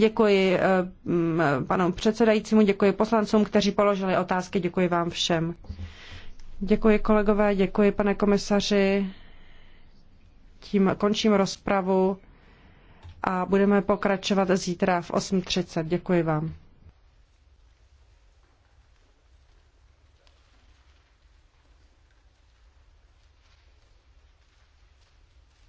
Děkuji eh, panu předsedajícímu, děkuji poslancům, kteří položili otázky, děkuji vám všem. Děkuji kolegové, děkuji pane komisaři. Tím končím rozpravu a budeme pokračovat zítra v 8.30. Děkuji vám.